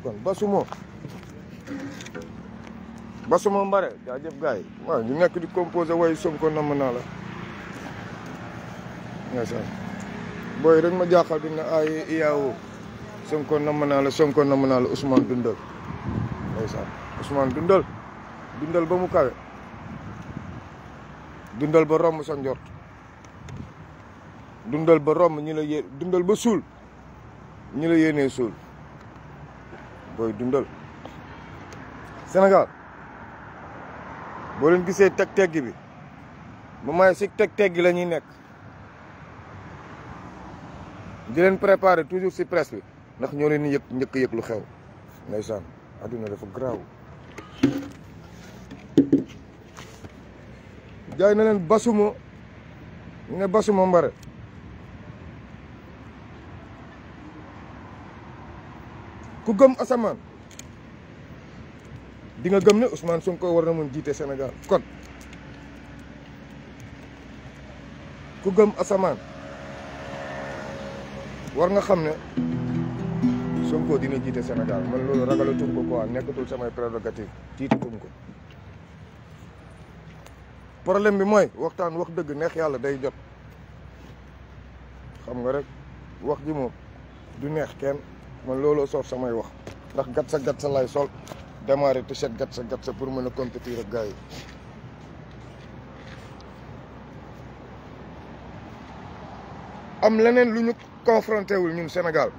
kon Basuma Basuma Mbare jaajëf gars yi waaw nekk di composé way Sonko namm la ndeysaan booy dañ ma jaaxal duñ ne ay ah, iyaawo Sonko namm naa la Sonko namm naa dundal ndeysaan Ousmane dundal dundal ba mu kawe dundal ba romb sa dundal ba romb ñi la dundal ba suul ñi la suul booy dundal Sénégal boo leen gisee teg teggi bi mu may si teg teggi la ñuy nekk di leen préparer toujours si presse bi ndax ñoo leen yëg njëkk yëg lu xew ndeysaan adduna dafa garaaw jaay na leen basuma ne basuma mbare ku gëm asamaan di nga gëm ne Ousmane Sonko war na mën jiite Sénégal kon ku gëm asamaan war nga xam ne Sonko dina jiite Sénégal man loolu ragalatum ko quoi nekkatul samay prérogative tiitatum ko problème bi mooy waxtaan wax dëgg neex yàlla day jot xam nga rek wax ji moom du neex kenn man looloo soof samay wax ndax gat sa gat sa lay sol démarré t gat sa gat sa pour mën a compétir ak gars yi am leneen lu ñu confronté wul ñun senegal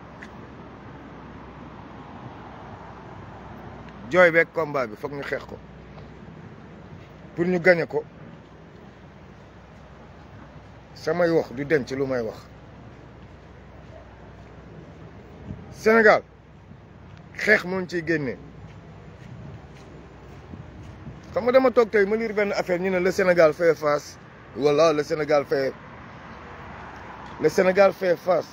jooy beeg combat bi foog ñu xeex ko pour ñu gañe ko samay wax du dem ci lu may wax Sénégal xeex moom ci génnee xam nga dama toog tey ma lire benn affaire ñu ne le Sénégal fait face wala le Sénégal fait le Sénégal fait fas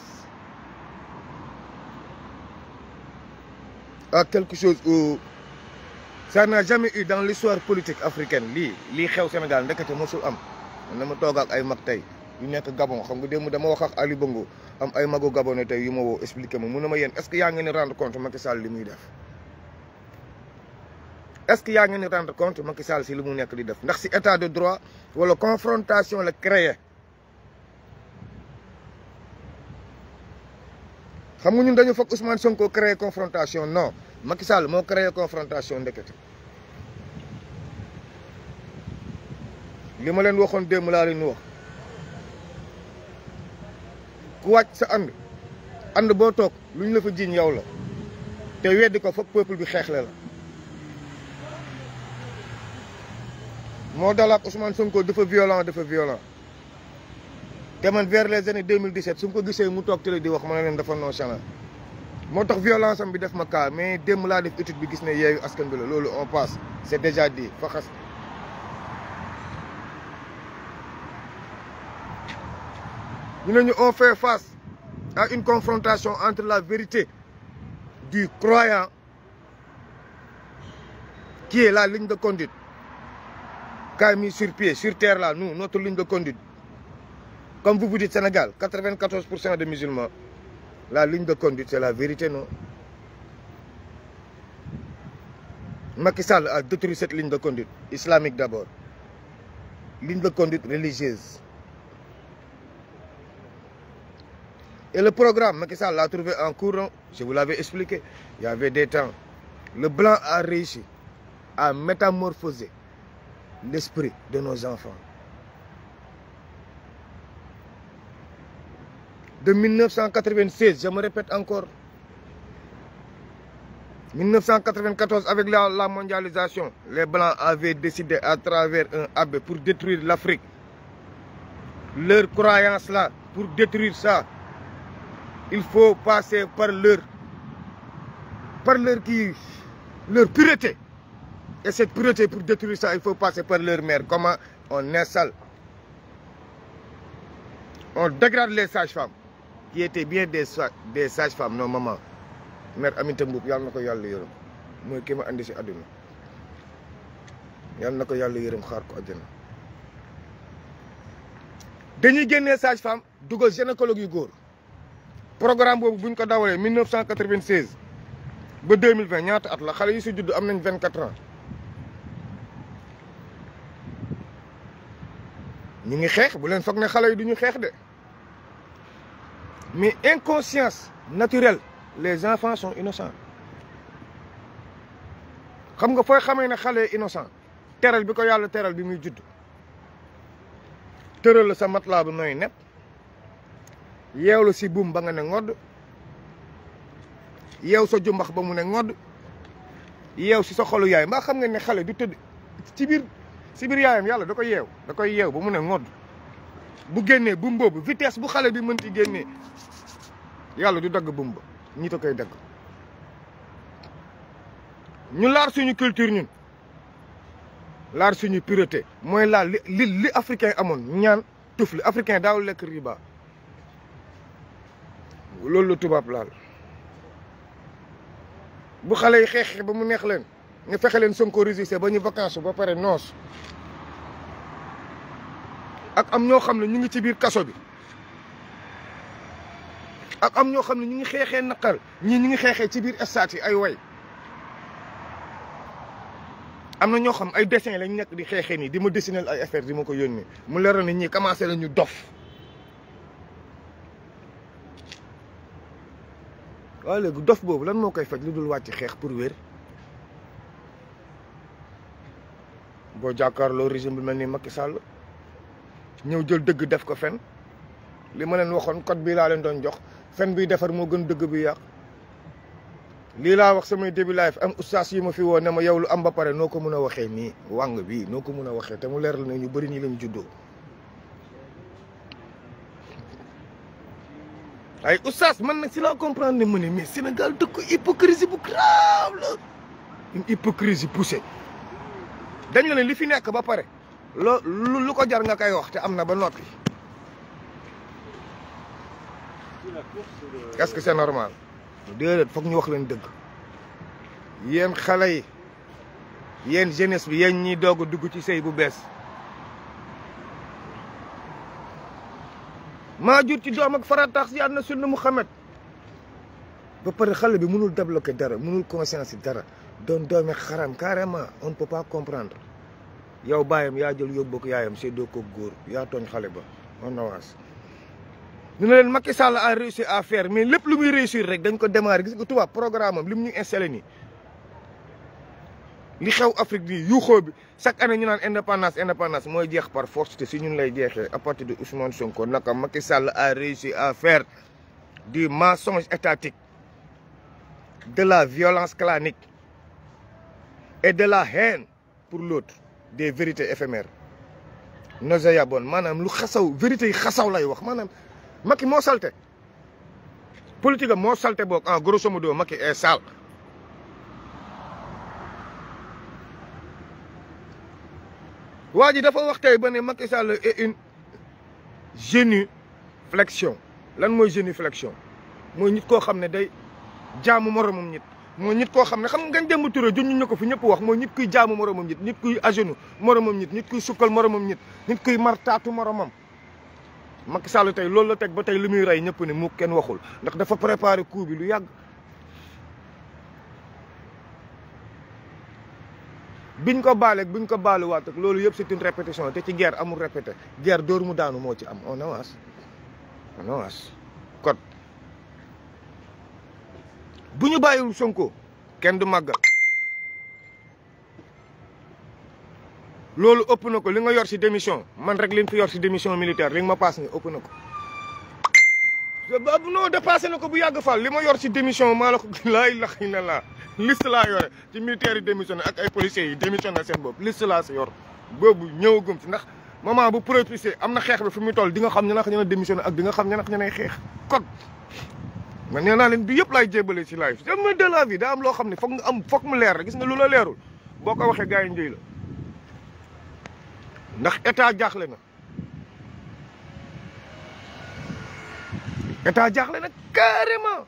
a quelque chose où ça n'a jamais eu dans l'histoire politique africaine lii lii xew Sénégal ndekete mosul am man dama toog ay mag tey yu nekk Gabon xam nga démb dama wax ak am ay mago gabone tey yu ma woo expliqué moo mu ne ma yéen est-ce que yaa ngi ni rendre compte Macky Sall li muy def est-ce que yaa ngi ni rendre compte Macky Sall si li mu nekk di def ndax si état de droit wala confrontation la créé xam nga ñun dañu foog Ousmane Sonko créé confrontation non Macky Sall moo créé confrontation ndekete li ma leen waxoon démb laa leen wax. ku wàcc sa ànd ànd boo toog lu ñu la fa jiiñ yow la te weddi ko foog peuple bi xeexle la moo dalaak Ousmane Sonko dafa violent dafa violent te man vers les années 2017 ko gisee mu toog télé di wax ma ne leen dafa nonchalant moo tax violence am bi def ma kaa mais démb laa def étude bi gis ne yeeyu askan bi la loolu en passe c'est déjà dit faxas ñu ne ñu on fait face à une confrontation entre la vérité du croyant qui est la ligne de conduite qu'a mis sur pied, sur terre ligne de conduite. Comme vous vous dites Sénégal, 94% des musulmans, la ligne de conduite, c'est la vérité, non Macky Sall a détruit cette ligne de conduite, islamique d'abord. Ligne de conduite religieuse. Et le programme, Macky Sall l'a trouvé en courant, je vous l'avais expliqué, il y avait des temps. Le blanc a réussi à métamorphoser l'esprit de nos enfants. De 1996, je me répète encore, 1994, avec la, la, mondialisation, les Blancs avaient décidé à travers un abbé pour détruire l'Afrique. Leur croyance là, pour détruire ça, il faut passer par leur par leur qui leur pureté et cette pureté pour détruire ça il faut passer par leur mère comment on installe on dégrade les sages-femmes qui étaient bien des des sages-femmes non maman mère Aminata Mboup yàlla na ko yàlla yërëm mooy ki ma si àdduna yàlla na ko yàlla yërëm xaar ko àjjana dañuy génnee sage-femme dugal gynécologue yu góor programme boobu bu ñu ko dawalee 1996 ba 2020 ñaata at la xale yi si judd am nañ 24 ans ñu ngi xeex bu leen foog ne xale yi du ñu xeex de mais inconscience naturelle les enfants sont innocents xam nga fooy xamee ne xale innocent teral bi ko yàlla teral bi muy judd tëral la sa matelas bu nooy nepp yeewlu si buum ba nga ne ngodd yeew sa jumbax ba mu ne ngodd yeew si sa xolu yaay mbaa xam nga ne xale du tëdd ci biir si biir yaayam yàlla da koy yeew da koy yeew ba mu ne ngodd bu génnee buum boobu vitesse bu xale bi mënti génnee yàlla du dagg buum ba ñi ta koy dagg ñu laar suñu culture ñun laar suñu pureté mooy laal li li africain amoon ñaan tuf li africain daawul lekk riba loolu la tubaab laal bu xale yi xeexee ba mu neex leen ñu fexe leen Sonko résister ba ñu vacance ba pare noos ak am ñoo xam ne ñu ngi ci biir kaso bi ak am ñoo xam ne ñu ngi xeexee naqar ñii ñu ngi xeexee ci biir stade yi ay way am na ñoo xam ay dessin lañ nekk di xeexee nii di ma dessiner ay affaire di ma ko yónnee mu leeral ne ñii commencé nañu dof waaw léegi dof boobu lan moo koy faj lu dul wàcc xeex pour wér boo jàkkaarloo régime bi mel ni Macky Sall ñëw jël dëgg def ko fen li ma leen waxoon code bii laa leen doon jox fen biy defar moo gën dëgg bi yàq lii laa wax samay début live am ustaas yi ma fi woo ne ma yow lu am ba pare noo ko mën a waxee nii wàng bi noo ko mën a waxee te mu leer la ne ñu bari ñi lañ juddoo ay oustaz man nag si laa comprendre ne mu ne mais Sénégal dëkk hypocrisie bu grave la une hypocrisie poussée dañ la ne li fi nekk ba pare loo lu ko jar nga koy wax te am na ba noppi est-ce que c'est normal déedéet foog ñu wax leen dëgg yéen xale yi yéen jeunesse bi yéen ñiy doog a dugg ci sëy bu bees maa jur ci doom ak faratax si na sunna Muhammad ba pare xale bi mënul débloqué dara mënul conscience dara doon doomi xaram carrément on ne peut pas comprendre yow baayam yaa jël yóbbu ko yaayam séddoo ko góor yaa tooñ xale ba on avance. ñu ne leen Macky Sall a réussi à faire mais lépp lu muy réussir rek dañ ko démarrer gis nga tubaab programme am li mu ñu installé nii. li xew Afrique bi yuuxoo bi chaque année ñu naan indépendance indépendance mooy jeex par force te si ñun lay jeexee à partir de Ousmane Sonko naka Macky Sall a réussi à faire du mensonge étatique de la violence clanique et de la haine pour l'autre des vérités éphémères noseya bon maanaam lu xasaw vérités yi xasaw lay wax maanaam maki moo salte politique moo salte boog en grosso modo Macky est sale waa ji dafa wax tey ba ne Macky Sall est une génuflexion lan mooy génuflexion mooy nit koo xam ne day jaamu moromam nit mooy nit koo xam ne xam nga démb turé junñu ñu ko fi ñëpp wax mooy nit kuy jaamu moromam nit nit kuy agenu moromam nit nit kuy sukkal moromam nit nit kuy martaatu moromam Macky Sall tey loolu la teg ba tey li muy rey ñëpp ne mu kenn waxul ndax dafa préparé coup bi lu yàgg biñ ko baaleeg biñ ko baaluwaat ak loolu yëpp c'est une répétition te ci guerre amul répété guerre dóor mu daanu moo ci am on avance on avance kon bu ñu bàyyiwul Sonko kenn du màggal loolu ëpp ko li nga yor si démission man rek liñ fi yor si démission militaire li nga ma paas ni ëpp na ko non dépassé na ko bu yàgg Fall li ma yor ci démission maa la ko laay lax na laa liste laa yore ci militaire yi démissionné ak ay policiers yi démissionné seen bopp liste laa si yor boobu ñëwagum si ndax moment bu propulsé am na xeex bi fu muy toll di nga xam ñu nak ñu ne démissionné ak di nga xam ñu nak ñu ne xeex kon man nee naa leen bi yëpp laay jébale si live jamais de la vie daa am loo xam ne foog nga am foog mu leer rek gis nga lu la leerul boo ko waxee gars yi ndax état jaaxle na état jaaxle nag carrément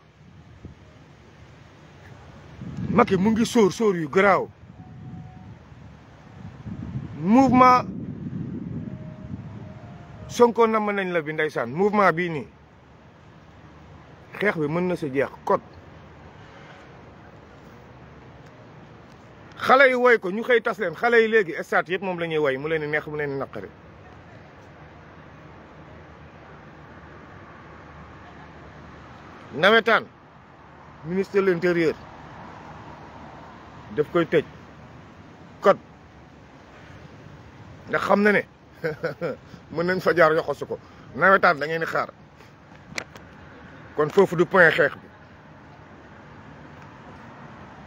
Macky mu ngi sóor sóor yu garaaw mouvement na namm nañ la bi ndeysaan mouvement bii nii xeex bi mën na sa jeex kot xale yi woy ko ñu xëy tas leen xale yi léegi stade yëpp moom la ñuy woy mu leen di neex mu leen di naqari nawetaan ministre de l'intérieur def koy tëj code nga xam na ne mën nañ fa jaar yoxosu ko nawetaan da ngeen di xaar kon foofu du point xeex bi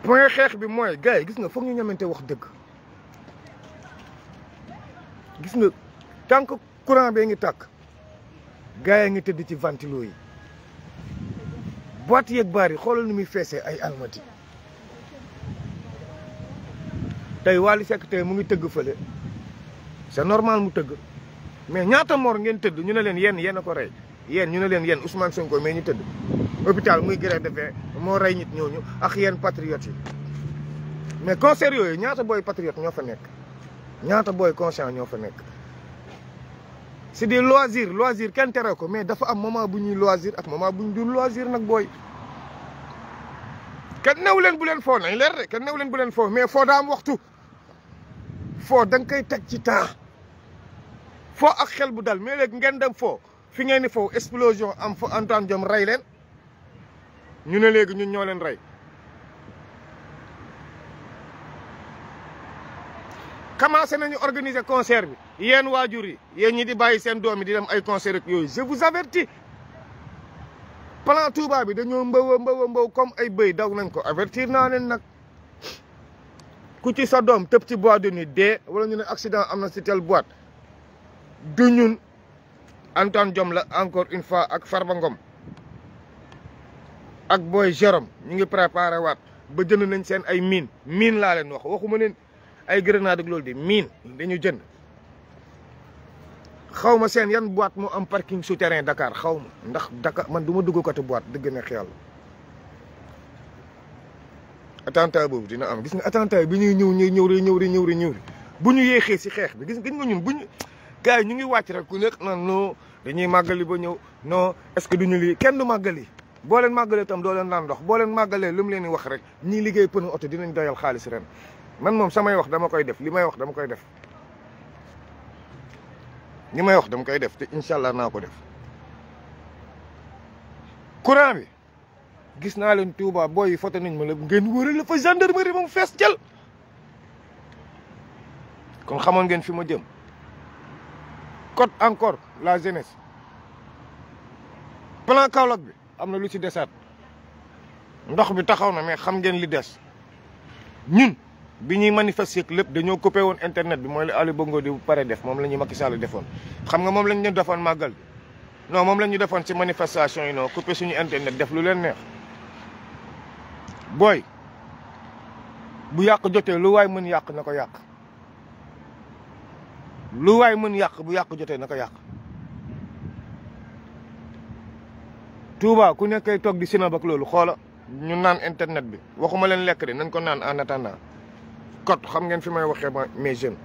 point xeex bi mooy gars yi gis nga foog ñu ñamante wax dëgg gis nga tant courant bee ngi tàkk gars yi ngi tëdd ci ventilo yi boîte yeeg baar yi xoolal nu muy feesee ay almati tey Wally Seck tey mu ngi tëgg fële c'est normal mu tëgg mais ñaata moor ngeen tëdd ñu ne leen yéen yéen a rey yéen ñu ne leen yéen Ousmane Sonko mais ñu tëdd hôpital muy grève de faim moo rey nit ñooñu ak yéen patriotes yi mais concert yooyu ñaata booy patriote ñoo fa nekk ñaata booy conscient ñoo fa nekk c'est des loisirs loisir kenn tere ko mais dafa am moment bu ñuy loisir ak moment bu ñu dul loisir nag booy. kenn new leen bu leen foo nañ leer rek kenn new leen bu leen foo mais foo daam waxtu foo da nga koy teg ci temps foo ak xel bu dal mais léegi ngeen dem foo fi ngeen ni foo explosion am fo Antoine Diome rey leen ñu ne léegi ñu ñoo leen rey. commencé nañu organiser concert bi yéen waajur yi yéen ñi di bàyyi seen doom yi di dem ay concert yooyu je vous avertis plan Touba bi dañoo mbaw a mbaw a mbaw comme ay bëy daw nañ ko avertir naa leen nag ku ci sa doom tëb ci bois de nuit dee wala ñu ne accident am na si tel boîte du ñun Antoine jom la encore une fois ak Farba ak booy Jérôme ñu ngi préparé waat ba jënd nañ seen ay mine mine laa leen wax waxuma leen ay grenade ak loolu di miin dañu jënd xawma ma seen yan boîte moo am parking souterrain dakaar xaw ma ndax Dakar man du ma dugg katu boit dëgg neex yàlla attentat boobu dina am gis nga attentat bi ñuy ñëw ñëw ñëw ñëw ñëw ñëw bu ñu yéexee si xeex bi gis nga ñun bu ñu gars yi ñu ngi wàcc rek ku nekk dañuy màggali ba ñëw non est-ce que duñu lii kenn du màggali boo leen màggalee itam doo leen naan ndox boo leen màggalee lu mu leen di wax rek ñuy liggéey pënu oto dinañ doyal xaalis ren man moom samay wax dama koy def li may wax dama koy def li may wax dama koy def te incha allah naa ko def courant bi gis naa leen tuuba booy yi foto nañ ma la ngeen wëral la fa gendarmerie moom fees jël kon xamoon ngeen fi ma jëm code encore la jeunesse plan Kaolack bi am na lu ci desaat ndox bi taxaw na mais xam ngeen li des ñun bi ñuy manifester lépp dañoo coupé woon internet bi mooy la Aliou Bongo di pare def moom la ñuy Macky Sall defoon. xam nga moom la ñu defoon màggal bi non moom la ñu defoon si manifestation yi non coupé suñu internet def lu leen neex booy bu yàq jotee lu waay mën yàq na ko yàq lu waay mën yàq bu yàq jotee na ko yàq. Touba ku nekkay toog di Sénégal ak loolu xoola ñu naan internet bi waxuma leen lekk de nañ ko naan en attendant. code xam ngeen fi may waxee ma mes jeunes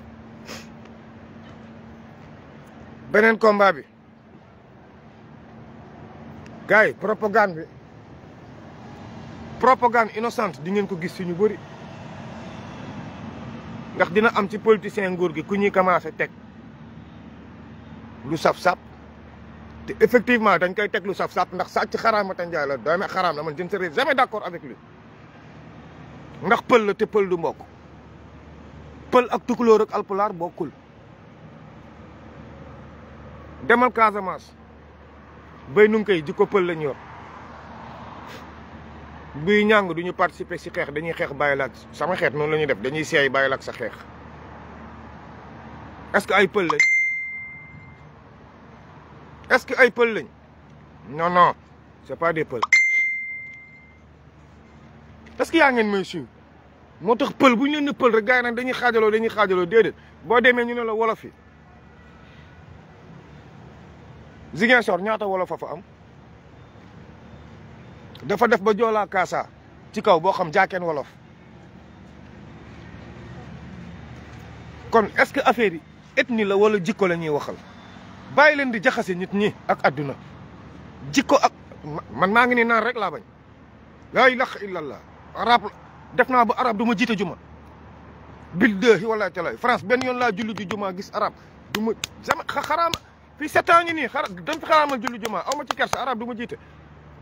beneen combat bi gars yi propagande bi propagande innocente di ngeen ko gis si ñu bëri ndax dina am ci politicien nguur gi ku ñuy commencé teg lu saf-saf te effectivement dañ koy teg lu saf-saf ndax sàcc xaraama te njaay la doome xaraam la man je ne serai jamais d'accord avec lui ndax pël la te pël du mbokk pël ak tukulóor ak alpulaar bokkul demal Casamance béy nu ngi koy jikko pël lañ yor buy ñàng duñu participer si xeex dañuy xeex bàyyi laak sama xeet noonu la ñuy def dañuy seey bàyyi laak sa xeex est-ce que ay pël lañ est-ce que ay pël lañ non non c'est pas des pëls est-ce que yaa ngeen may suivre moo tax pël bu ñu leen ne pël rek gars yi nag dañuy xaajaloo dañuy xaajaloo déedéet boo demee ñu ne la wolof yi Ziguinchor ñaata wolof a fa am dafa def ba joolaa kaasa ci kaw boo xam jaakeen wolof kon est-ce que affaire yi ni la wala jikko la ñuy waxal bàyyi leen di jaxase nit ñi ak adduna jikko ak man maa ngi ni naan rek laa bañ laa ilaha illallah arab def naa ba arab du ma jiite juma billahi wala talaay France benn yoon laa julli ji juma gis arab du ma jamais xaraama fii sept ngi nii xara dam fi xaraamal julli juma aw ma ci kersa arab du ma jiite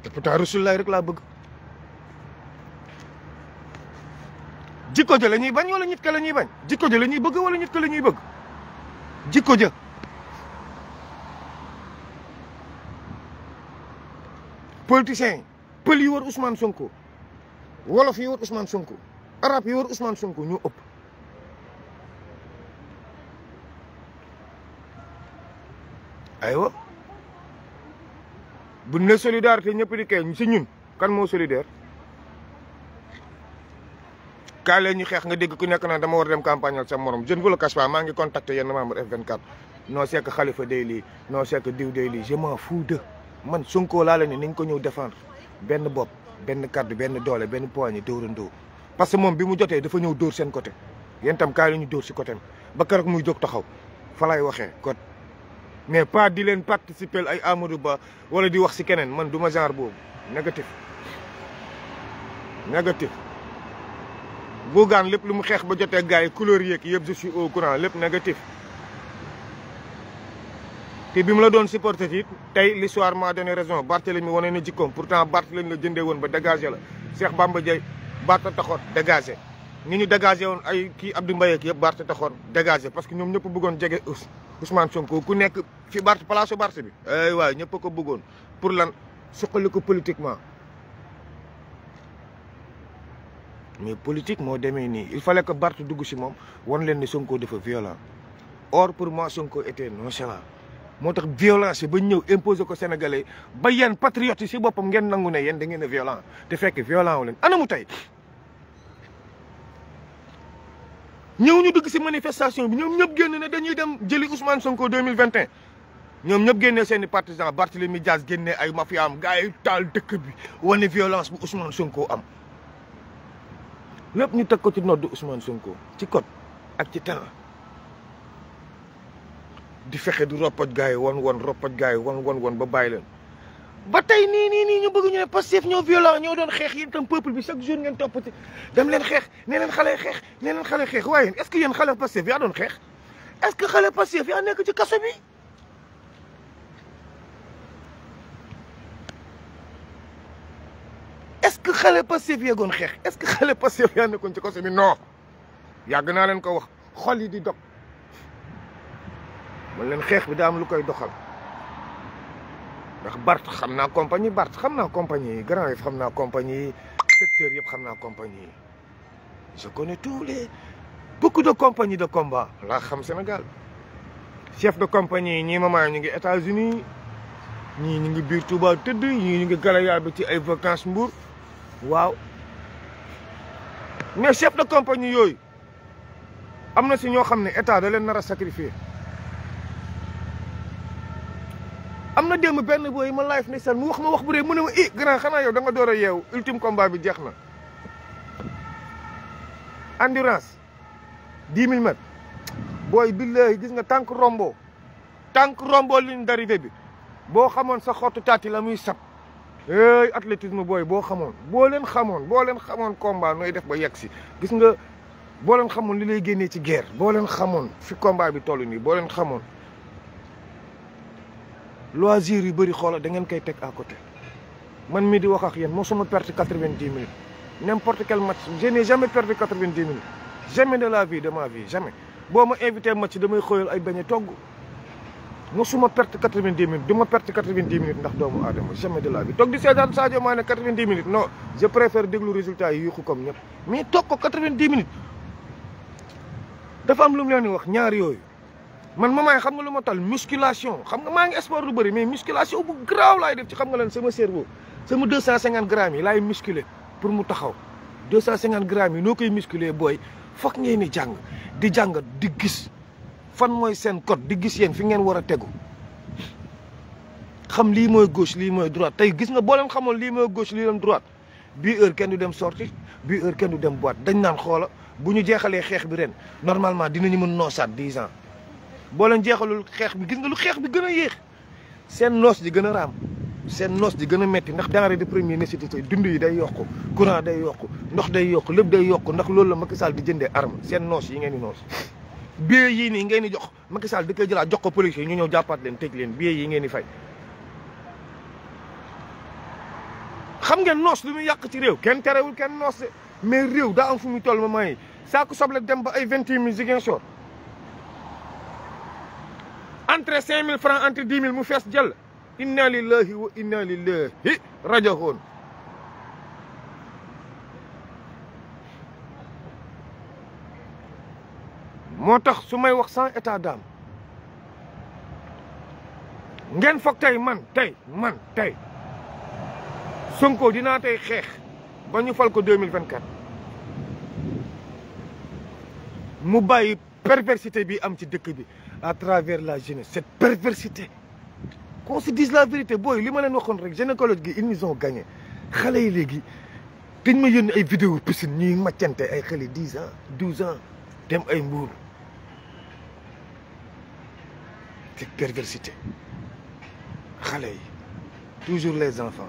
te pourtant rasulullahi rek laa bëgg jikko ja la ñuy bañ wala nit ka ñuy bañ jikko ja la ñuy bëgg wala nit ka la ñuy bëgg jikko ja politiciens yi war Ousmane Sonko wolof yi wër Ousmane Sonko arab yi wër Ousmane Sonko ñoo ëpp aywa bu ne solidarité ñëpp di kay si ñun kan moo solidaire kaa leen ñu xeex nga dégg ku nekk naa dama war dem campagne ak sa morom je ne maa ngi contacté yenn membre F24 non c'est que Khalifa day lii noo c'est que diw day lii je m'en fous man Sonko laa la ni nañ ko ñëw défendre benn bopp benn kaddu benn doole benn poignée dóorandoo parce que moom bi mu jotee dafa ñëw dóor seen côté yéen kaa lu ñu dóor si côté ba keroog muy jóg taxaw fa lay waxee kon mais pas di leen participer ay Amadou Ba wala di wax si keneen man du ma genre boobu négatif négatif Bougane lépp lu mu xeex ba jotee gars yi couleur yeeg yëpp si suis au lépp négatif te bi mu la doon supporté it tey l'histoire m'a donné raison Barthélemy wane na jikkoom pourtant Barthélemy la jëndee woon ba dégagé la Cheikh Bamba Dieye Barth taxoon dégagé ni ñu dégagé woon ay kii Abdou Mbaye yëpp yëpp Barth taxoon dégagé parce que ñoom ñëpp bëggoon jege Ousmane Sonko ku nekk fi Barth place u bi ay eh waay ñëpp ko bëggoon pour lan suqali ko politiquement mais politique moo demee nii il fallait que Barth dugg si moom wan leen ni Sonko dafa violent or pour moi Sonko était moo tax violence bi ba ñëw imposer ko Sénégalais ba yéen patriotes si boppam ngeen nangu ne yéen da ngeen a violent te fekk violent wu anamu tey. ñëw ñu dugg si manifestation bi ñoom ñëpp génn ne dañuy dem jëli Ousmane Sonko 2021 ñoom ñëpp génne seen i partisans Barthélemy Dias génnee ay mafia am taal dëkk bi wane violence bu Ousmane Sonko am. lépp ñu teg ko ci noddu Ousmane Sonko ci code ak ci temps. di fexe di roppaj gars yi wan wan roppaj gars yi wan wan wan ba bàyyi leen ba tey nii nii nii ñu bëgg ñu ne Pastef ñoo violent ñoo doon xeex yéen tam peuple bi chaque jour ngeen toppati leen xeex ne leen xale xeex ne leen xale xeex waaye est-ce que yéen xale Pastef yaa doon xeex est-ce que xale Pastef yaa nekk ci kaso bi est-ce que xale Pastef yaa doon xeex est-ce que xale Pastef yaa nekkoon ci kaso bi non yàgg naa leen ko wax xol yi di dog man leen xeex bi daa am lu koy doxal ndax Bart xam naa compagnie Bart xam naa compagnie yi Grand Yoff xam naa compagnie yi secteur yëpp xam naa compagnie yi je connais tous les beaucoup de compagnies de combat laa xam Sénégal chef de compagnie yi ñii mamaay ñu ngi États-Unis ñii ñu ngi biir Touba tëdd ñii ñu ngi Galaya bi ci ay vacances Mbour waaw mais chef de compagnie yooyu am na si ñoo xam ne état da leen nar a sacrifier na démb benn booy ma live ndeysaan mu wax ma wax bu dee mu ne ma i grand xanaa yow da door a yeewu ultime combat bi jeex na endurance dix mille mètres booy billahi gis nga tànk rombo tànk rombo ligne d'arrivée bi boo xamoon sa xottu taati la muy sab éy athlétisme booy boo xamoon boo leen xamoon boo leen xamoon combat nooy def ba yegg si gis nga boo leen xamoon li lay génnee ci geer boo leen xamoon fi combat bi toll nii boo leen xamoon loisir yu bëri xoola da ngeen koy teg à côté man mii di wax ak yéen mosuma perte quatre-vingt-dix minutes n'importe quel match je n'ai jamais perdu quatre-vingt-dix minutes jamais de la vie de ma vie jamais boo ma invité match damay xëyal ay bañ a togg mosuma perte quatre-vingt-dix minutes du ma perte quatre-vingt-dix minutes ndax doomu aadama jamais de la vie toog di seetaan Sadio Mané quatre-vingt-dix minutes non je préfère déglu résultat yi yuuxu comme ñëpp am lu mu leen di wax ñaar yooyu man ma mamaay xam nga lu ma tal musculation xam nga maa ngi sport lu bëri mais musculation bu graaw laay def ci xam nga lan sama cerveau sama 250 grammes yi laay musculer pour mu taxaw 250 grammes yi noo koy musculer booy foog ngeen di jàng di jàng di gis fan mooy seen code di gis yéen fi ngeen war a tegu xam lii mooy gauche lii mooy droite tey gis nga boo leen xamoon lii mooy gauche lii leen droite bii heure kenn du dem sorti bii heure kenn du dem boîte dañ naan xoola bu ñu jeexalee xeex ren normalement dinañu mën noosaat 10 ans. boo leen jeexalul xeex bi gis nga lu xeex bi gën a yéex seen noos di gën a raam seen noos di gën a metti ndax denrée de première nécessité dund yi day yokk courant day yokk ndox day yokk lépp day yokk ndax loolu la Macky Sall di jëndee arme seen noos yi ngeen di noos bie yii nii ngeen di jox Macky Sall di koy jëlaat jox ko police yi ñu ñëw jàppaat leen tëj leen bie yi ngeen di fay xam ngeen noos lu muy yàq ci réew kenn terewul kenn noos de mais réew daa am fu muy toll ma may saaku soble dem ba ay vingt mille Ziguinchor entre 5000 francs entre 10 000 mu fees jël inna lillahi wa inna lillahi raji'un moo tax su may wax sans état d'âme ngeen foog tey man tey man tey Sonko dinaa tey xeex ba ñu fal ko 2024 mu bàyyi perversité bi am ci dëkk bi à travers la jeunesse cette perversité qu'on se dise la vérité booy li ma leen waxoon rek gynécologue gi ils ont gagné xale yi léegi dañ ma yónni ay vidéo piscine ñuy màccante ay xale dix ans douze ans dem ay mbuur cette perversité xale yi toujours les enfants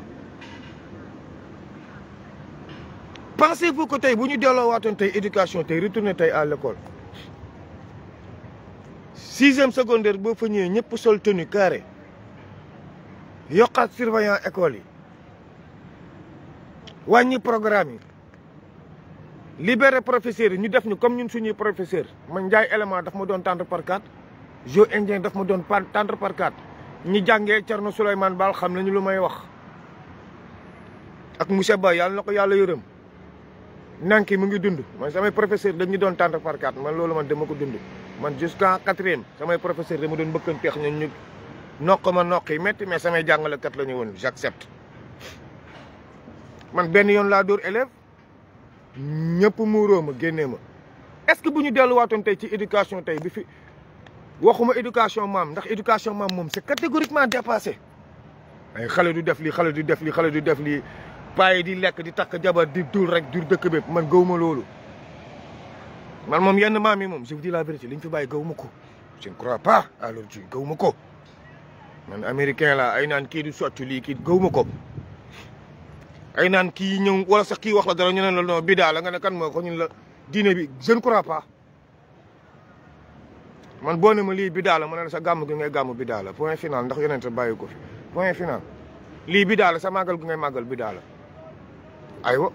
pensez-vous que tey bu ñu delloo waatoon tey éducation tey retourner tey à l'école sixième secondaire boo fa ñëwee ñëpp sol tenue carré yokkaat surveillant école yi wàññi programme yi libéré professeurs yi ñu def ñu comme ñun suñuy professeur man njaay élément daf ma doon tendre par quatre jo indien daf ma doon tendre par quatre ñi jàngee Thierno Souleymane Baal xam nañu lu may wax ak monsieur Ba yàlla na ko yàlla yërëm nanki mu ngi dund man samay professeur dañu doon tendre par quatre man loolu man dama ko dund man jusqu'en quatrième samay professeur dama doon bëkkanteex ñun ñu noq ma noq metti métti mais samay jàngalekat la ñu woon j'accepte man benn yoon laa dóor élève ñëpp muuroo ma génnee ma est-ce que bu ñu delluwaatoon tey ci éducation tey bi fi waxuma éducation maam ndax éducation maam moom c'est catégoriquement dépassé ay xale du def lii xale du def lii xale du def lii bàyyi di lekk di takk jabar di dur rek dur dëkk bépp man gëwuma loolu man moom yenn maam yi moom je vous dis la vérité li ñu fi bàyyi gaw ma ko je ne crois pas alors je gaw ma ko man américain la ay naan kii du soccu lii kii gaw ma ko ay naan kii ñëw wala sax kii wax la dara ñu ne la non bi la nga ne kan moo ko ñun la diine bi je ne crois pas man boo ma lii bi daala ma ne sa gàmm gi ngay gàmm bi la point final ndax yonente bàyyi ko fi point final lii bi la sa màggal gi ngay màggal bi la aywa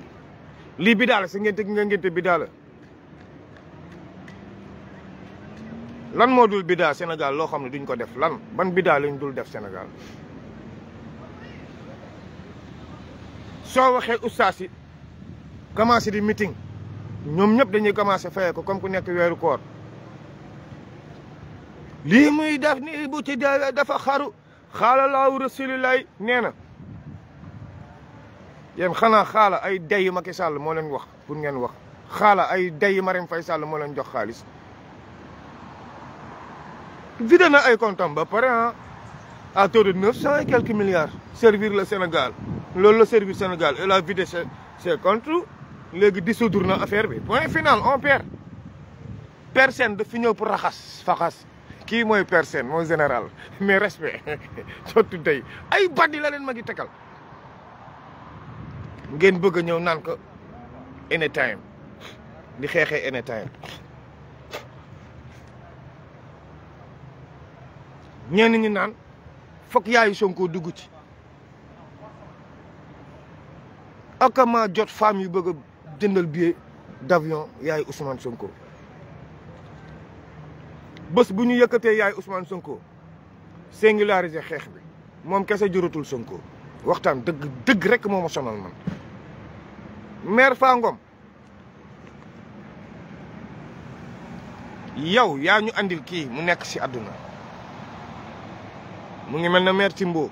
lii bidaa la sa ngénte gi lan moo dul biddaa Sénégal loo xam ne duñ ko def lan ban biddaa lañ dul def Sénégal soo waxee ustaas yi di meeting ñoom ñëpp dañuy commencé fayee ko comme ku nekk weeru koor lii muy def ni bu ci dafa xaru xaala laaw lay nee na yéen xanaa xaala ay dey Macky Sall moo leen wax pour ngeen wax xaala ay ma Marème fay Sall moo leen jox xaalis vidé na ay comptam ba pare ah à taux de neuf cent et quelques milliards servir le Sénégal loolu la servir Sénégal et la vidé ses comptes léegi dissoudre na affaire bi point final on perd personne daf fi ñëw pour raxas faxas kii mooy personne mooy général mais respect surtout tey ay bandi la leen ma ngi tegal ngeen bëgg a ñëw naan ko anytime di xeexee anytime ñenn ñi naan fokk yaayu Sonko dugg ci ak jot femme yu bëgg a jëndal billet d'avion yaayu Ousmane Sonko bës bu ñu yëkkatee yaayu Ousmane Sonko singulariser xeex bi moom kese juratul Sonko waxtaan dëgg dëgg rek moo ma sonal man maire Fangom yow yaa ñu andil kii mu nekk ci àdduna mu ngi mel ne ci Timbo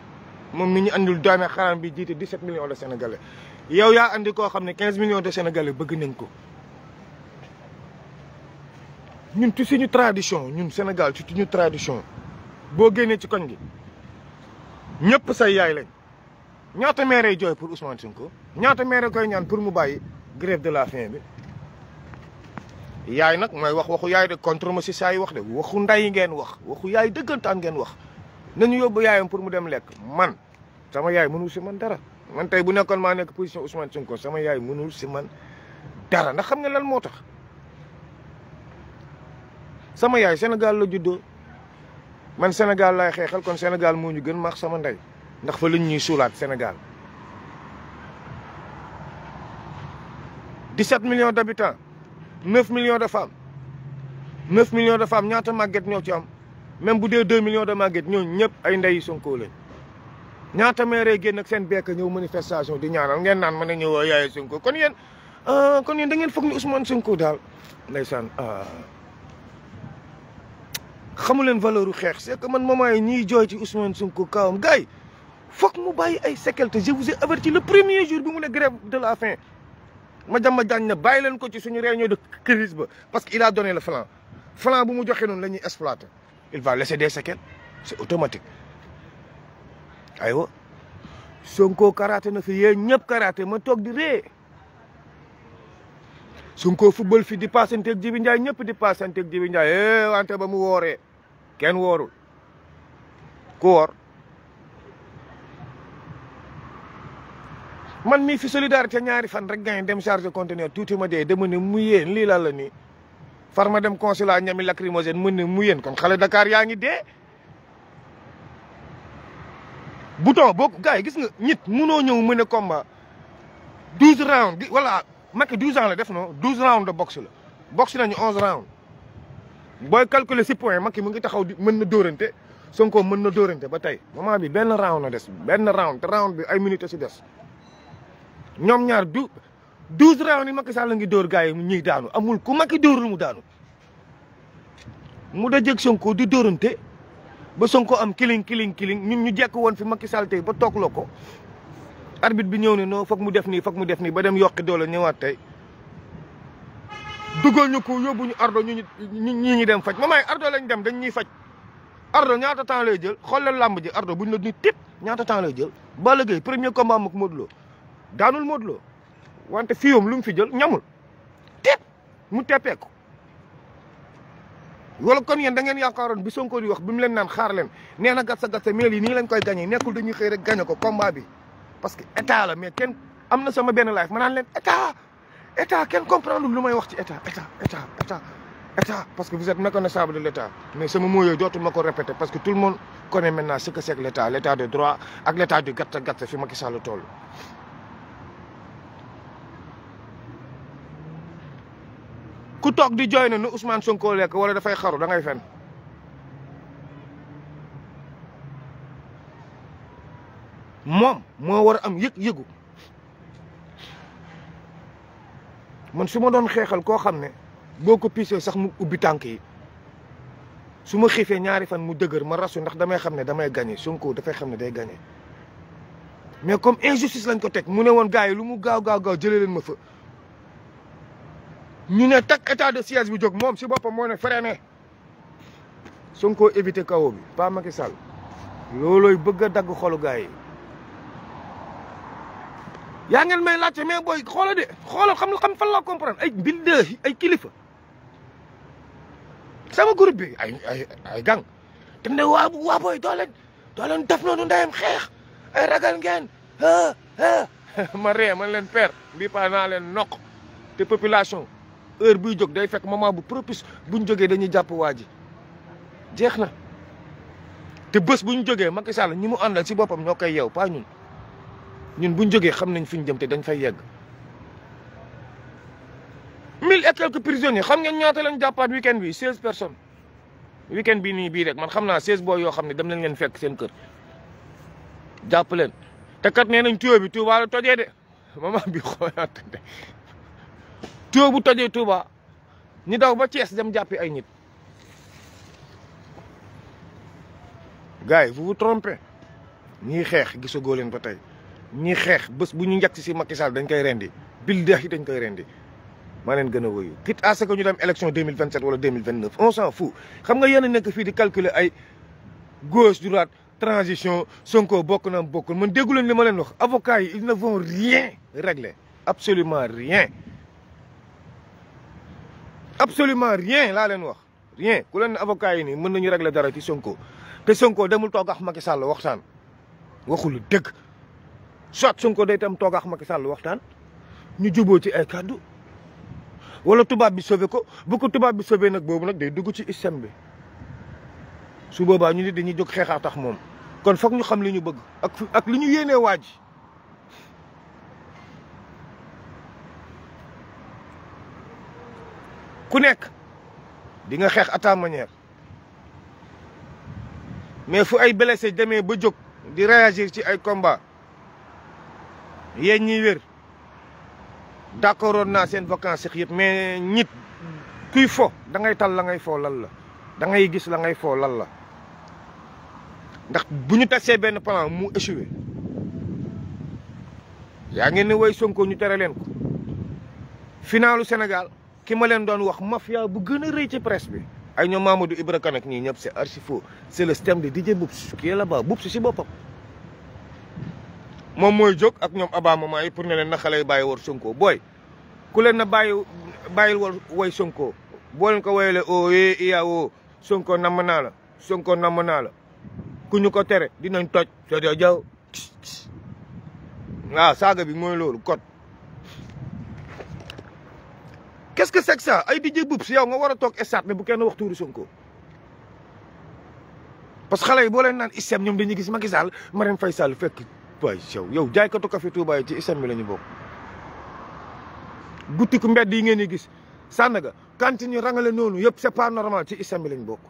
moom mi ñu andil doomi xaraam bi jiite 17 millions de sénégalais yow yaa andi koo xam ne quinze millions de sénégalais bëgg nañ ko. ñun ci suñu tradition ñun Sénégal ci suñu tradition boo génnee ci koñ gi ñëpp say yaay lañ ñaata maire jooy pour Ousmane ko ñaata maire koy ñaan pour mu bàyyi grève de la faim bi. yaay nag mooy wax waxu yaay de contre ma si saa yi wax de waxu nday ngeen wax waxu yaay dëggantaan ngeen wax. nañu yóbbu yaayam pour mu dem lekk man sama yaay mënul si man dara man tey bu nekkoon maa nekk position Ousmane Sonko sama yaay mënul si man dara ndax xam nga lan moo tax sama yaay Sénégal la juddoo man Sénégal laay xeexal kon Sénégal moo ñu gën maax sama ndey ndax fa lañ ñuy suulaat Sénégal 17 millions d'habitants 9 million de femmes 9 million de femmes ñaata màgget ñoo ci am même bu dee 2 millions de màgget ñooñu ñëpp ay ndeyu Sonko lañ ñaata meeree génn ak seen bekk ñëw manifestation di ñaanal ngeen naan ma ne ñëw yaay Sonko kon yéen ah, kon yéen dangeen ngeen foog ni Ousmane Sonko daal ndeysaan ah. xamu leen valeur u xeex c'est man moment yi ñiy jooy ci Ousmane Sonko kawam gars yi foog mu bàyyi ay sécurité je vous ai averti le premier jour bi mu ne grève de la faim ma jàmm na bàyyi leen ko ci suñu réunion de crise ba parce que il a donné le flanc flanc bu mu joxe noonu la ñuy exploité. il va laisser des séquelles c'est automatique aywa Sonko karaté na fi yéen ñëpp karaté ma toog di ree Sonko football fi di passanteeg Jibi Ndiaye ñëpp di passanteeg Jibi Ndiaye eh, wante ba mu woore kenn wooru ku woor man mii fi solidarité ñaari fan rek gañ dem charge conteneur tuuti ma dee dama ne mu yéen lii la nii far ma dem consulat ñami lacrymogène mën ne mu yéen kon xale Dakar yaa ngi dee bouton boo gars yi gis nga ñit munoo ñëw mën a combat douze rounds voilà Macky douze ans la def non douze rounds de boxe la boxe nañu onze rounds booy calculer si point Macky mu ngi taxaw di mën na dóorante Sonko mën na dóorante ba tey moment bi benn round na des benn round te round bi ay minutes si des ñoom ñaar du douze rounds yi Macky ngi dóor gars yi ñuy daanu amul ku Macky dóorul mu daanu mu dajeeg Sonko di doorante ba Sonko am kiling kiling kiling ñun ñu jekk woon fi Macky Sall tey ba toogloo ko arbitre bi ñëw ne noo foog mu def nii foog mu def nii ba dem yokki doole ñëwaat tey dugal ñu ko yóbbu ñu ardo ñu ñi dem faj ma may ardo lañ dem dañ ñuy faj ardo ñaata temps lay jël xoolal làmb ji ardo buñ la ñu tit ñaata temps lay jël Balla Gaye premier combat am ak wante fiyoom lu mu fi jël ñamul tepp mu teppeeku wala kon yéen da ngeen yaakaaroon bi Sonko di wax bi mu leen naan xaar leen nee na gatsa gatsa mel yi nii lañ koy gañee nekkul dañuy xëy rek ko combat bi parce que état la mais kenn am na sama benn live ma leen état état kenn comprendre lu may wax ci état état état état état parce que vous êtes méconnaissable de l' état mais sama mot yooyu dootuma ko répéter parce que tout le monde connaît maintenant ce que c' ku toog di jooy na nu Ousmane Sonko lekk wala dafay xaru dangay ngay fen moom moo war a am yëg-yëgu man su ma doon xeexal koo xam ne boo ko piisee sax mu ubbi tànk yi su ma xiifee ñaari fan mu dëgër ma rasu ndax damay xam ne damay gagné Sonko dafay xam ne day gagné mais comme injustice lañ ko teg mu ne woon gars yi lu mu gaaw gaaw gaaw jëlee leen ma fa ñu ne takk état de siège bi jog moom si boppa moo ne freiné Sonko éviter kawo bi pas Macky Sall loolooy bëgg a dagg xolu gars yi yaa ngeen may laajte mais booy xoola de xoolal xam xam fan laa comprendre ay bindee ay kilifa sama groupe bi ay ay ay gang dem ne waa waa booy doo leen doo leen noonu ndeyam xeex ay ragal ngeen ma ree man leen père mbi pa naa leen nokk te population heure buy jóg day fekk moment bu propice bu ñu jógee dañuy jàpp waa ji jeex na te bés bu ñu jógee Macky Sall ñi mu àndal si boppam ñoo koy yeew pas ñun ñun bu ñu jógee xam nañ fi ñu jëm te dañ fay yegg. mille et quelques prisonniers xam ngeen ñaata lañ jàppaat weekend bi seize personnes weekend bi nii bii rek man xam naa seize boo yoo xam ne dem nañ leen fekk seen kër jàpp leen te kat nee nañ tuyoo bi Touba la tojee de moment bi xoolaat tuyau bu tojee Touba ñi daw ba Thiès dem jàppi ay nit gars yi vous vous trompez ñii xeex gisagoo leen ba tey ñii xeex bés bu ñu njëkk si Macky Sall dañ koy rendi bil deex yi dañ koy rendi maa leen gën a wëyu quitte à ce ñu dem élection deux mille vingt sept wala deux mille vingt neuf on s'en fout xam nga yéen a nekk fii di calculer ay gauche droite transition Sonko bokk na bokkul man déggu leen li ma leen wax avocats yi ils ne vont rien régler absolument rien absolument rien laa leen wax rien ku leen avocat yi nii mën nañu régler dara ci Sonko te Sonko demul toog ak Macky Sall waxtaan waxul dëgg soit Sonko day tam toog ak Macky waxtaan ñu juboo ci ay kàddu wala tubaab bi sauvé ko bu ko tubaab bi sauvé nag boobu nag day dugg ci système bi su boobaa ñu ne dañuy jóg xeexaa tax moom kon foog ñu xam li ñu bëgg ak ak li ñu yéenee waa ji ku nekk di nga xeex à ta mais fu ay blessé demee ba jóg di réagir ci ay combat yee ñiy wér d'accordoon naa seen vacances yëpp mais ñit kuy fo dangay tal la ngay fo lan la da gis la ngay fo lan la ndax bu ñu tasee benn plan mu échoué yaa ngeen ne way Sonko ñu tere leen ko finalu senegal ki ma leen doon wax mafia bu gën a rëy ci presse bi ay ñoom du Ibra Kane ak ñii ñëpp c'est archi faux c'est le système de DJ Boubs qui est là-bas Boubs si boppam moom mooy jóg ak ñoom abaa Mama yi pour ne leen na xale yi bàyyi war Sonko booy ku leen na bàyyi bàyyil war woy Sonko boo leen ko woyalee oo oh, yee eh, eh, iya oo oh, Sonko namm naa la Sonko namm naa la ku ñu ko tere dinañ toj soo jaw waaw saaga bi mooy loolu kot qu'est-ce que c'est que ça ay nga war a toog stade mais bu kenn wax tuuru Sonko parce que la yi boo leen naan ISEM ñoom dañuy gis Macky Sall Marème Faye Sall fekk waay yow yow jaaykatu café Touba yi ci ISEM bi la ñu bokk. butiku mbedd yi ngeen di gis Sandaga cantine yi noonu yëpp c'est pas normal la ñu bokk.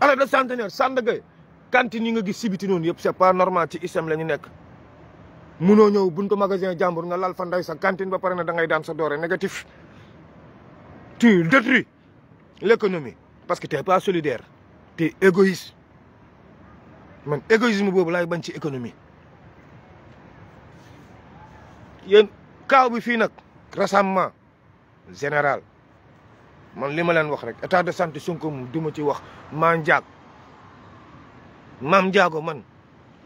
arrêt de centenaire Sandaga cantine yi nga gis sibiti noonu yëpp c'est pas normal ci ISEM la ñu nekk. munoo ñëw buntu magasin jàmbur nga lal fa nday sa cantine ba pare na da ngay daan sa doore négatif tu détruis l'économie parce que t'es pas solidaire t'es égoïste man égoïsme boobu laay bañ ci économie yéen kaaw bi fii nag rassemblement général man li ma leen wax rek état de santé Sonko moom du ma ci wax maa njaag maam njaago man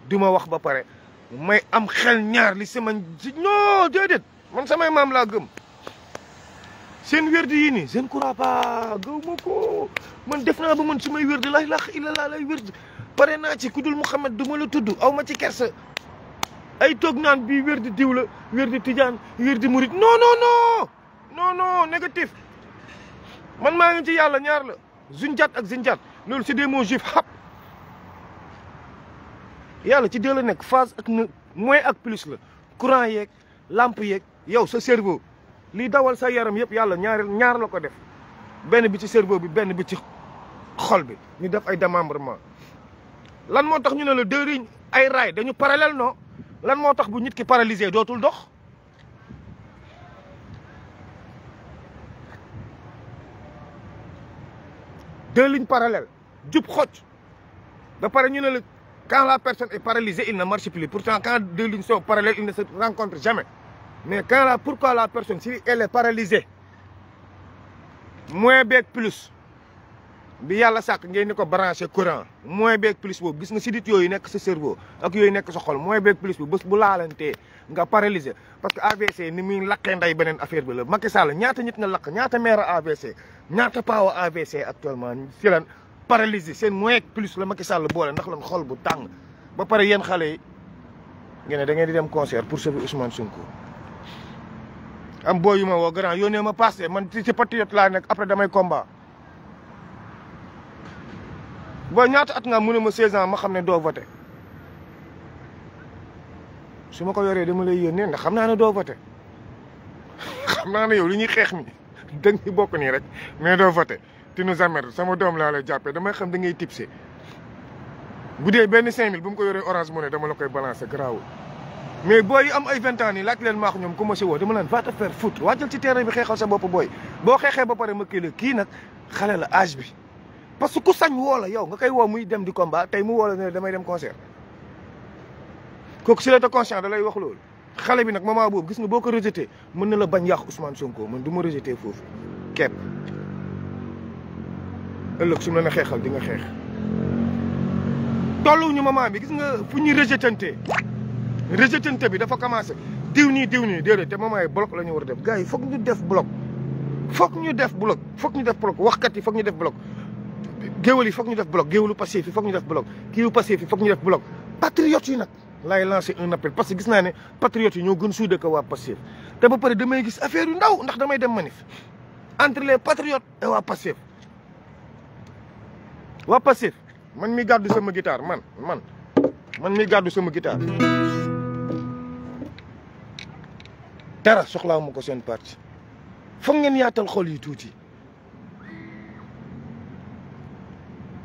du ma wax ba pare may am xel ñaar li sama si non déedéet man samay maam laa gëm seen wérdi yii nii je ne crois pas gëw man def naa ba man sumay may wérdi lay lax ila laa pare naa ci ku dul Mouhamed du ma la tudd aw ma ci kersa ay toog naan bii wérdi diw la wérdi tijaan wérdi murit non non non négatif man maa ngi ci yàlla ñaar la zunjat ak zinjat loolu c'est des mots juifs xap yàlla ci dee la nekk phase ak ne moins ak plus la courant yeeg lampe yeeg yow sa servo liy dawal sa yaram yëpp yàlla ñaar ñaar la ko def benn bi ci servo bi benn bi ci xol bi ñu def ay démembrement lan moo tax ñu ne la deux lignes ay raay dañu parallèle noo lan moo tax bu nit ki paralysé dootul dox deux lignes parallèle jub xocc ba pare ñu ne la Quand la personne est paralysée, il na marche plus. Pourtant, quand deux lignes sont parallèles, ils ne se rencontrent jamais. Mais quand la, pourquoi la personne, si elle est paralysée, moins beeg plus bi yàlla sàkk ngeen ni ko branché courant moins beeg plus boobu gis nga sidit yooyu nekk sa cerveau ak yooyu nekk sa xol moins beeg plus bi bés bu laalantee nga paralysé parce que AVC ni muy lakkee nday beneen affaire bi la Macky Sall ñaata nit nga lakk ñaata maire AVC ñaata paawa AVC actuellement si lan paralysie seen moyen plus la Macky Sall boole ndax lan xol bu tàng ba pare yéen xale yi ngeen ne di dem concert pour sauver Ousmane Sonko. am boo yu ma woo grand yónnee ma passé man ci patriote laa nekk après damay combat boo ñaata at nga mu ne ma 16 ans ma xam ne doo voté su ma ko yoree dama lay yónnee ndax xam naa ne doo voté xam naa ne yow li ñuy xeex mi dëgg ñu bokk nii rek mais doo voté. tu nous amènes sama doom laa lay jàppee damay xam da ngay tipsé bu dee benn 5000 bu mu ko yoree orange money dama la koy balancer garaawul. mais booy yi am ay vingt ans nii laaj leen maax ñoom commencé woo dama leen va te faire foot wàccal ci terrain bi xeexal sa bopp booy boo xeexee ba pare ma kii la kii nag xale la âge bi. parce que ku sañ woo la yow nga koy woo muy dem di combat tey mu woo la ne damay dem concert kooku si la te conscient da lay wax loolu. xale bi nag moment boobu gis nga boo ko rejeté mën na la bañ yàq Ousmane Sonko man du ma rejeté foofu képp. ëllëg su ñu la xeexal di nga xeex tolluñu moment bi gis nga fu ñuy rejetante rejetante bi dafa commencé diw nii diw nii déedéet te moment yi bloc ñu war a def gars yi foog ñu def bloc foog ñu def bloc foog ñu def bloc waxkat yi foog ñu def bloc géwél yi foog ñu def bloc géwélu passif yi foog ñu def bloc kiiwu yi ñu def bloc patriotes yi nag laay lancé un parce que gis naa ne patriotes yi ñoo gën suude ko waa passif te ba pare damay gis affaire yu ndaw ndax damay dem manif entre les patriotes et waa passif waa Pastef man mi gàddu sama guitare man man man mi gàddu sama guitare dara soxlaa ma ko seen parti foog ngeen yaatal xol yi tuuti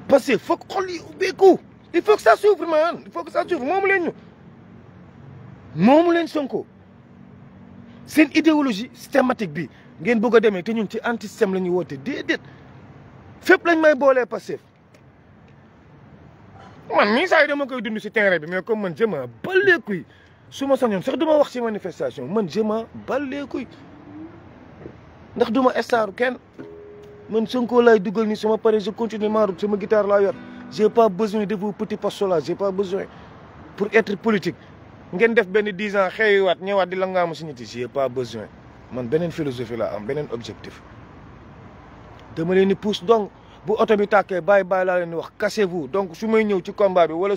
parce que foog xol yi ubbeeku il faut que ça s'ouvre man il faut que ça s'ouvre moomu leen ñu moomu leen Sonko seen idéologie systématique bi ngeen bëgg a demee te ñun ci anti système la ñuy woote déedéet fépp lañ may boolee Pastef man mii yi dama koy dund si terrain bi mais comme man je m'en bats les couilles su ma sañoon sax du ma wax si manifestation man je bal bats les ndax du ma star kenn man Sonko laay dugal ni sama pare je continue ma route sama guitare laa yor j'ai pas besoin de vos petits pastos là pour être politique ngeen def benn dix ans xëyiwaat ñëwaat di la ngaamu si nit yi j'ai pas man beneen philosophie laa am beneen objectif dama leen pousse donc bu oto bi tàkkee bàyyi bàyyi laa leen di wax cassez-vous donc su may ñëw ci combat bi wala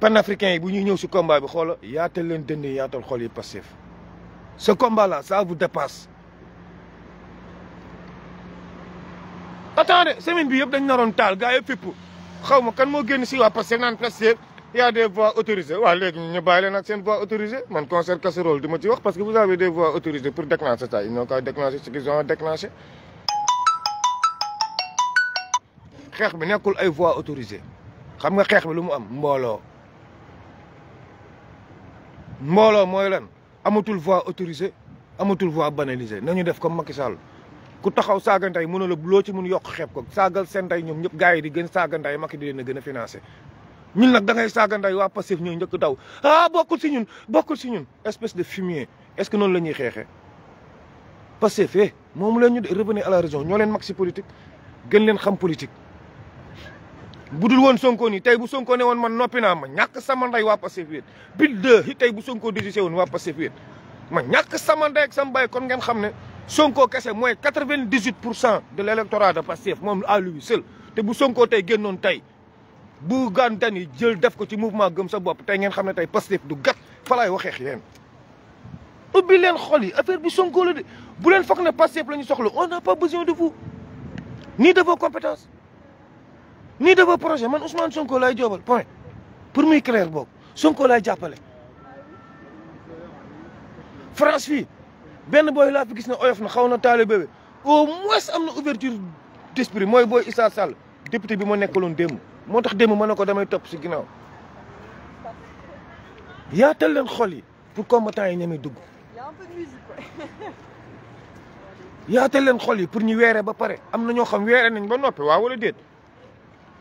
panafricain yi bu ñuy ñëw si combat bi xoola yaatal leen dënd yaatal xool yi Pastef ce combat là ça vous dépasse. attendez semaine bi yëpp dañ naroon taal gars yëpp fépp kan moo génn si waa Pastef naan Pastef y a des voies autorisées waaw léegi ñu bàyyi leen ak seen voies autorisées man concert casserole du ma ci wax parce que vous avez des voies autorisées pour déclencher ça xeex bi nekkul ay voix autorisée xam nga xeex bi lu mu am mbooloo mbooloo mooy lan amatul voix autorisée amatul voix banalisée nañu def comme Macky Sall ku taxaw saagantey mën a la loo ci mun yokk xeeb ko saagal seen tey ñoom ñëpp gars yi di gën saagantey Macky di leen a gën a financé ñun nag da ngay saagantey waa Pastef ñoo njëkk daw ah bokkul si ñun bokkul si ñun espèce de fumier est-ce que noonu la ñuy xeexee Pastef eh, moom la ñu revenir à la raison ñoo leen mag si politique gën leen xam politique bu dul woon Sonko nii tey bu sonkoo ne woon man noppi naa ma ñàkk sama ndey waa Pastef wéet bit deux tey bu Sonko dégise woon waa Pastef wéet ma ñàkk sama ndey ak sama bay kon ngeen xam ne Sonko kese mooy quatre-vingt-dix-huit pour cent de l' électorat de Pastef moom à lui seul te bu Sonko tey génnoon tey bu gàntan yi jël def ko ci mouvement gëm sa bopp tey ngeen xam ne tey Pastef du gat falaay waxeex yéen ubbi leen xol yi affaire bi Sonko la de bu leen foog ne Pastef la ñu soxla on n'a pas besoin de vous ni de vos compétences nii dafa projet man Ousmane Sonko lay joobal point pour muy clair boobu Sonko lay jàppale. France fii benn booy laa fi gis ne oyof na xaw na taale bébé au moins am na ouverture d'esprit mooy booy Issa Sall député bi moo nekkaloon démb moo tax démb ma ne ko damay topp si ginnaaw yaatal leen xol yi pour combattant yi ñeme dugg. yaatal leen xol yi pour ñu weeree ba pare am na ñoo xam weeree nañ ba noppe waa wala déet.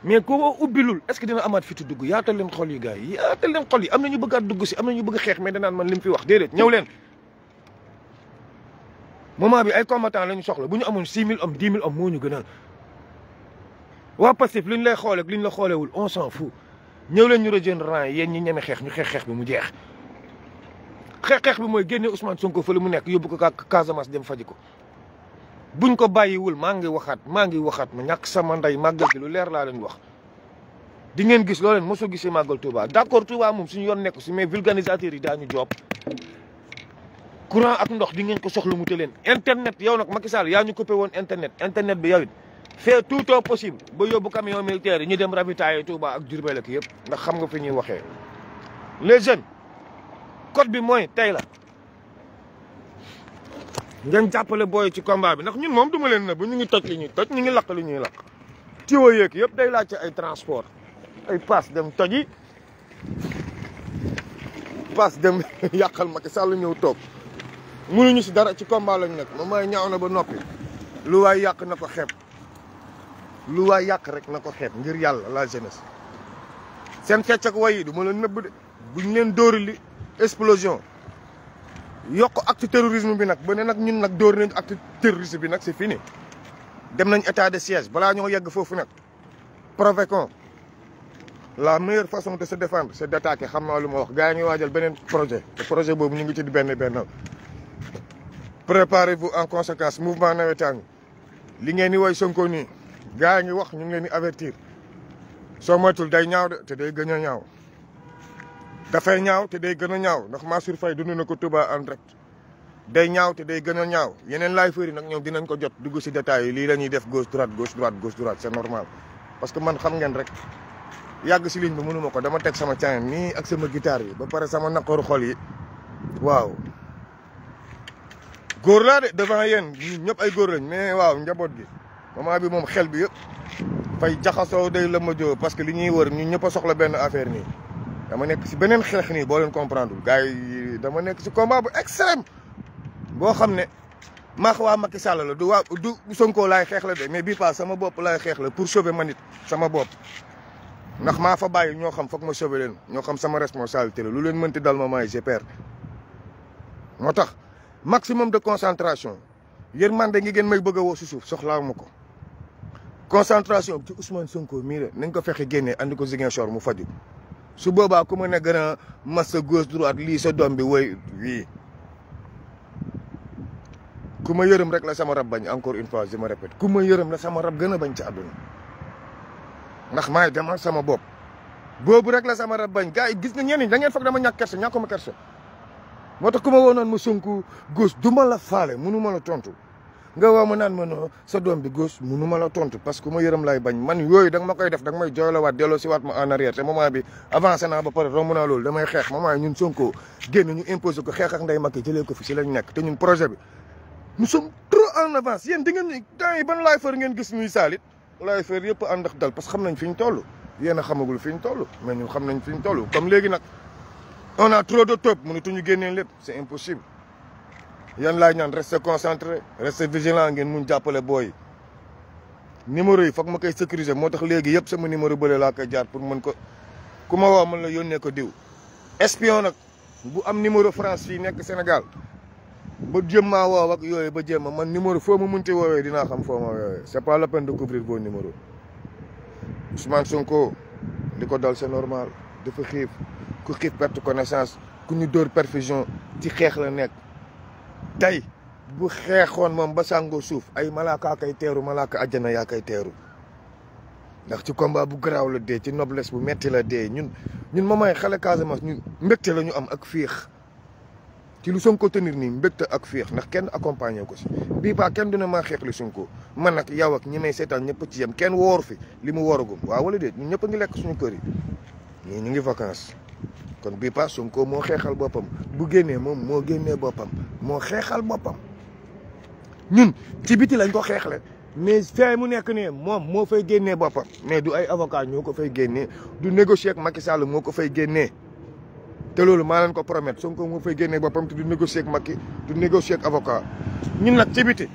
mais koo ubbilul est-ce que dina amaat fi tu dugg yaatal leen xol yi gars yi yaatal leen xol yi am na ñu bëggaat dugg si am na ñu bëgg xeex mais danaan man li mu fi wax déedéet ñëw leen. moment bi ay combattant la ñu soxla bu ñu amoon six mille hommes dix mille hommes moo ñu gënal waa Pastef li ñu lay xoolee li ñu la xoolewul on s'en fout ñëw leen ñu rejoindre rang yi yéen ñi ñeme xeex ñu xeex xeex bi mu jeex. xeex xeex bi mooy génne Ousmane Sonko fa la mu nekk yóbbu ko Casamance dem faji ko bu ñu ko bàyyiwul maa ngi waxaat maa ngi waxaat ma ñàkk sama ndey màggal gi lu leer laa leen wax di ngeen gis loo leen mosoo gisee màggal Touba d'accord Touba moom suñu yoon nekk si mais vulgarisateurs yi daañu job courant ak ndox di ngeen ko soxla mu te leen internet yow nag Macky Sall yaa ñu coupé woon internet internet bi yow it fait tout au possible ba yóbbu camion militaire yi ñu dem ravitailler Touba ak Diourbel ak yëpp ndax xam nga fi ñuy waxee les jeunes code bi mooy tey la ngeen jàppale booy ci combat bi ndax ñun moom duma leen na bu ñu ngi toj li ñuy toj ñu ngi lakk li ñuy lakk tiwo yeeg yëpp day laajte ay transport ay paas dem toji paas dem yàqal Macky Sall ñëw toog mënuñu si dara ci combat lañ nekk moom mooy ñaaw na ba noppi lu waay yàq na ko xeeb lu waay yàq rek na ko xeeb ngir yàlla la jeunesse seen fecc wayi way yi du ma leen nëbb de buñ leen dóori li explosion yokk acte terrorisme bi nag ba ne nag ñun nag dóor nañ acte terroriste bi nag c'est fini dem nañ état de siège balaa ñoo yegg foofu nag provoquons la meilleure façon de se défendre c'est d'attaquer xam naa lu ma wax gars yi ngi waajal beneen projet te projet boobu ñu ngi ci di benn benn préparez-vous en conséquence mouvement nawetaan li ngeen di woy Sonko nii gars yi ngi wax ñu ngi di avertir soo moytul day ñaaw de te day gën a ñaaw dafay ñaaw te day gën a ñaaw ndax Mansour Faye dund na ko tubaa en rek day ñaaw te day gën a ñaaw yeneen laay fëri nag ñoom dinañ ko jot dugg si détails yi lii la ñuy def gauche droite gauche droite gauche droite c'est normal parce que man xam ngeen rek yàgg si ligne bi mënuma ko dama teg sama caayan nii ak sama guitare yi ba pare sama naqaru xol yi waaw góor laa de devant yéen ñun ñëpp ay góor lañ mais waaw njaboot gi moment bi moom xel bi yëpp fay jaxasoo day la ma joo parce que li ñuy wër ñun ñëpp soxla benn affaire nii dama nekk si beneen xeex nii boo leen comprendre gars yi dama nekk si combat bu extrême boo xam ne maax waa Macky Sall la du waa du Sonko laay xeex la de mais bii pas sama bopp laay xeex la pour sauver ma nit sama bopp. ndax maa fa bàyyi ñoo xam foog ma sauver leen ñoo xam sama responsabilité la lu leen mënti dal ma maay j'ai moo tax maximum de concentration yërmande ngi ngeen may bëgg a woo si suuf soxlaaw ma ko. concentration ci Ousmane Sonko mii la nañ ko fexe génnee andi ko Ziguinchor mu faju su boobaa ku mën a gën a mas sa gauche at lii sa doom bi woy wii ku ma yërëm rek la sama rab bañ encore une fois je me répète ku ma yërëm la sama rab gën a bañ ci àdduna ndax maay demal sama bopp boobu rek la sama rab bañ gars yi gis nga ñenn ñi da ngeen foog dama ñàkk kersa ñàkkuma kersa moo tax ku ma woo noon ma Sonko gauche du ma la faale mënu ma a tontu nga woo ma naan ma non sa doom bi gauche munu ma la tontu parce que ma yërëm lay bañ man yooyu da nga ma koy def da nga may jooylawaat delloo si waat ma en arrière te moment bi avancé naa ba pare romb naa loolu damay xeex ma yi ñun Sonko génn ñu imposé ko xeex ak nday Macky jëlee ko fi si en avance yéen di ngeen yi ban laay fër ngeen gis ñuy saalit laay fër yëpp ànd dal parce que xam nañ fi ñu toll yéen a xamagul fi ñu toll mais ñun xam nañ fi ñu toll comme léegi nag on a trop de top mënatuñu génnee lépp c'est impossible yan laay ñaan rester concentré rester vigilant ngeen mun jàppale booy numéro yi foog ma koy sécuriser moo tax léegi yëpp sama numéro bële laa koy jaar pour man ko ku ma woo mën la yónnee ko diw. espion nag bu am numéro France fii nekk Sénégal ba jéem maa woo ak yooyu ba jéem a man numéro foo ma munti woowee dinaa xam foo ma woowee c'est pas la peine de couvrir vos numéros Ousmane Sonko ni ko dal c'est normal dafa xiif ku xiif perte connaissance ku ñu dóor perfusion ci xeex la nekk. tey bu xeexoon moom ba sàngoo suuf ay malaaka kay teeru malaaka àjjana yaa kay teeru ndax ci combat bu garaaw la dee ci noblesse bu metti la dee ñun ñun mamaay xale Casamance ñu mbégte la ñu am ak fiix ci lu Sonko tenir nii mbégte ak fiix ndax kenn accompagné ko si bii baa kenn dina maa xeex li Sonko man ak yow ak ñi may seetaan ñëpp ci yem kenn woor fi li mu wooragum waaw wala déet ñun ñëpp a ngi lekk suñu kër yi ñu ngi vacances kon bii pas Sonko moo xeexal boppam bu génnee moom moo génnee boppam moo xeexal boppam ñun ci biti lañ ko xeexle mais fee mu nekk ne moom moo fay génnee boppam mais du ay avocat ñoo ko fay génnee du négocier ak Macky Sall moo ko fay génnee te loolu maa leen ko promettre Sonko moo fay génnee boppam te du négocier ak Macky du négocier ak avocat ñun nag ci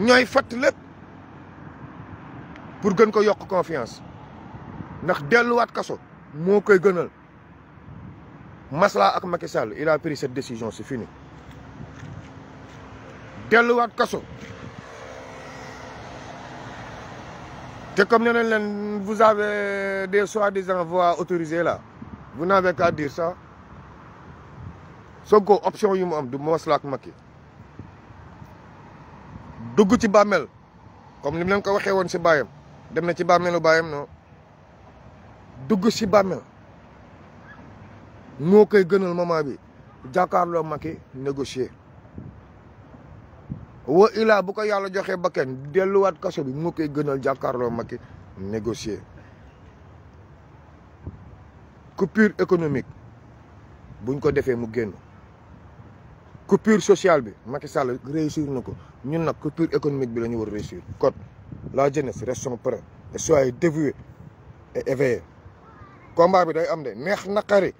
ñooy fatt lépp pour gën ko yokk confiance ndax delluwaat kaso moo koy gënal Masla ak Macky Sall il la pris cette décision c'est fini delluwaat kaso te comme nee nañ leen vous avez des soi-disant voies autorisées là vous n'avez qu'à dire sa Sonko option yu mu am du Masla ak Macky dugg ci bàmmeel comme ni mu leen ko waxee woon si baayam dem na ci bàmmeelu baayam no dugg si bàmmeel moo koy gënal moment bi jàkkaarloo Macky négocier wa ilaa bu ko yàlla joxe ba kenn delluwaat kaso bi moo koy gënal jàkkaarloo Macky négocier coupure économique buñ ko defee mu génn coupure social bi Macky Sall réussir na ko ñun nag coupure économique bi lañu ñu war réussir kon la jeunesse restons prêts et soyez dévoués et éveillés combat bi day am de neex naqari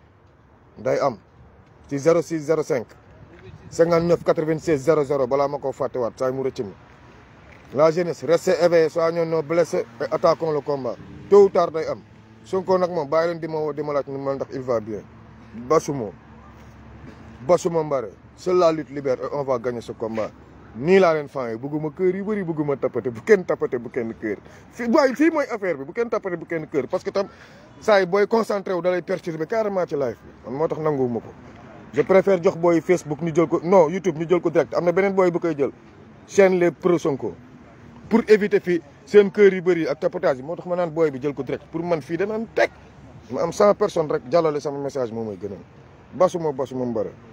day am ci 06 05 59 96 00 balaa ma koo fàttewaat saa mu rëcc mi la jeunesse restez éveillés soignons nos blessés et attaquons le combat tôt ou tard day am Sonko nag moom bàyyi leen di ma woo di ma laaj nu ma ndax il va bien basuma basuma mbare seule la lutte libère et on va gagner nii laa leen fànn bëgguma kër yu bëri bëgguma tapate bu kenn tapate bu kenn kër fii waaye fii mooy affaire bi bu kenn tapate bu kenn kër parce que tam saa yi booy concentré wu dalay perturbé carrément ci live bi moo tax nanguwuma ko. je préfère jox booy Facebook ñu jël ko non YouTube ñu jël ko direct am na beneen booy bu koy jël chaîne les pro Sonko pour éviter fii seen kër yu bëri ak tapotage bi moo tax ma naan booy bi jël ko direct pour man fii danaan teg am cent personnes rek jàllale sama message moom mooy gënoon basuma basuma mbara